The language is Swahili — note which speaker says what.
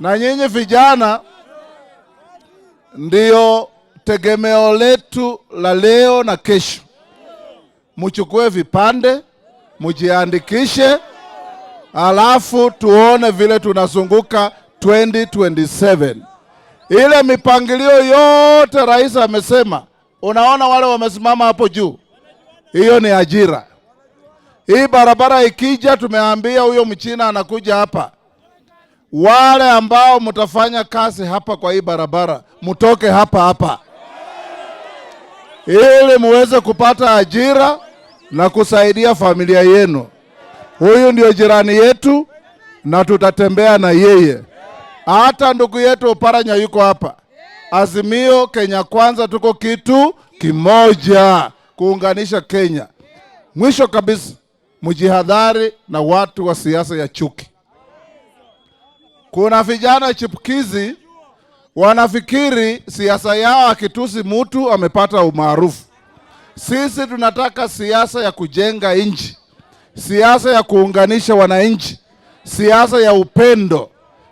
Speaker 1: na nyinyi vijana ndiyo tegemeo letu la leo na kesho. Muchukue vipande, mujiandikishe, alafu tuone vile tunazunguka 2027 ile mipangilio yote rais amesema. Unaona wale wamesimama hapo juu, hiyo ni ajira. Hii barabara ikija, tumeambia huyo mchina anakuja hapa wale ambao mtafanya kazi hapa kwa hii barabara mtoke hapa hapa ili muweze kupata ajira na kusaidia familia yenu. Huyu ndio jirani yetu na tutatembea na yeye. Hata ndugu yetu Oparanya yuko hapa. Azimio Kenya Kwanza, tuko kitu kimoja kuunganisha Kenya. Mwisho kabisa, mjihadhari na watu wa siasa ya chuki. Kuna vijana chipukizi wanafikiri siasa yao akitusi mtu amepata umaarufu. Sisi tunataka siasa ya kujenga nchi, siasa ya kuunganisha wananchi, siasa ya upendo,